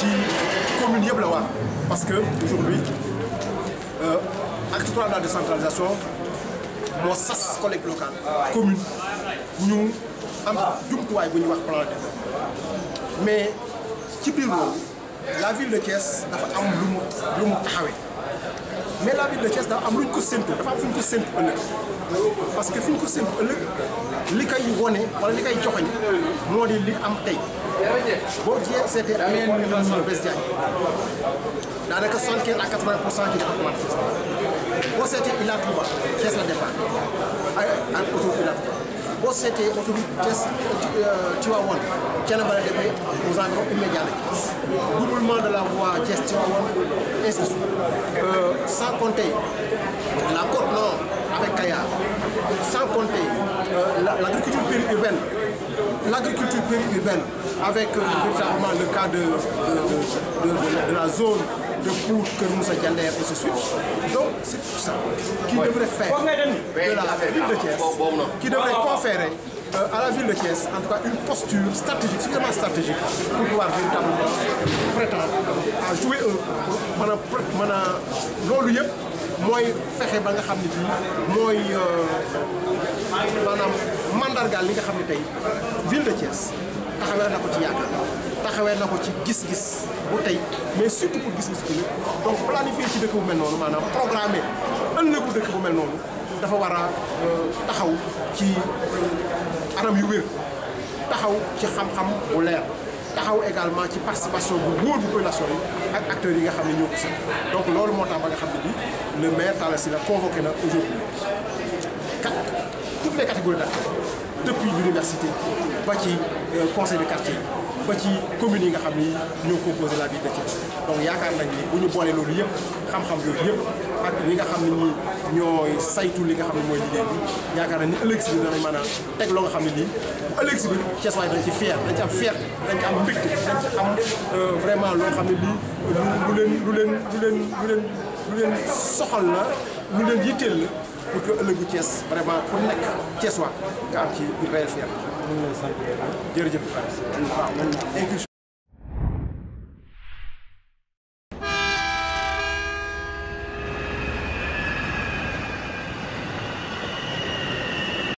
ci commune yëpp la war parce que aujourd'hui euh, acte trois de la moo sas collègue locale commune ñu am jumtuwaay bu ñuy wax plan de mais ci biir loolu la ville de Thiès dafa am lu mu lu mu taxawee mais la de Thiès dafa am lu ñu ko séntu dafa am fu ñu ko séntu ëllëg parce que fu ñu ko séntu ëllëg li koy wone wala li koy joxoñ moo di li am tey Bourdieu c'était la meilleure manifestation de Blaise Diagne daanaka soixante-quinze à quatre-vingt pour cent ci dafa manifesté boo seetee Ila Touba Thiès la départ ay ak autoroute Ila Touba boo seetee autoroute Thiès euh, Tivaouane Thiénaba la demee aux environs immédiats la doublement de la voie Thiès Tivaouane et cetera euh, sans compter la côte nord l'agriculture périurbaine, avec euh, véritablement le cas de, de, de, la zone de pour que nous Diander et ce suite. Donc, c'est tout ça qui devrait faire de la ville de Thiès, qui devrait conférer euh, à la ville de Thiès, en tout cas, une posture stratégique, suffisamment stratégique, pour pouvoir véritablement prétendre à jouer un rôle. Maintenant, l'OLUYEP, moi, faire un mandargaal li nga xam ne tey ville na ko ci yaakaar taxawee na ko ci gis-gis bu tey mais surtout pour gis-gis bu lépp donc planifier ci dëkk bu mel bu mel noonu dafa war a euh, taxaw ci anam yu wér taxaw ci xam-xam bu leer taxaw également ci participation bu wóor bu population yi ak acteurs yi nga xam ne ñoo ko si donc loolu moo tax ba nga xam ne bi le maire Talla Sylla convoqué na aujourd'hui quatre toutes les depuis l'université ba ci euh, conseil de quartier ba ci commune yi nga xam ni ñoo composé la ville de Thiès donc yaakaar nañ ni bu ñu boolee loolu yëpp xam-xam yooyu yëpp ak ñi nga xam ne ñi ñooy saytu li nga xam ne mooy liggéey bi yaakaar nañ ni ëllëg si biir danañ mën a teg loo nga xam ne lii ëllëg si biir Thiès waaye dañ ci fier dañ ci am fier dañ ci am mbégte dañ euh, vraiment loo xam ne lii lu leen lu leen lu leen lu leen soxal na lu leen yitteel la pour que ëllëgu cees vraiment ku nekk cees waa nga am ci une réelle fierté. ñu ngi lay sant jërëjëf. waaw